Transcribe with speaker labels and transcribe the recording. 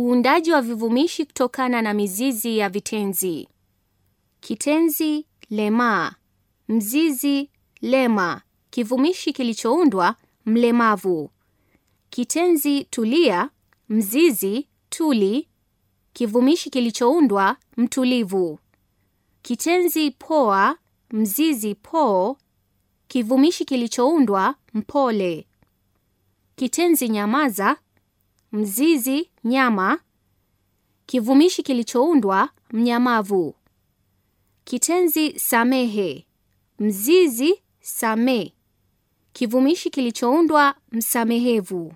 Speaker 1: Uundaji wa vivumishi kutokana na mizizi ya vitenzi. Kitenzi lemaa, mzizi lema, kivumishi kilichoundwa mlemavu. Kitenzi tulia, mzizi tuli, kivumishi kilichoundwa mtulivu. Kitenzi poa, mzizi poo, kivumishi kilichoundwa mpole. Kitenzi nyamaza mzizi nyama, kivumishi kilichoundwa mnyamavu. Kitenzi samehe, mzizi same kivumishi kilichoundwa msamehevu.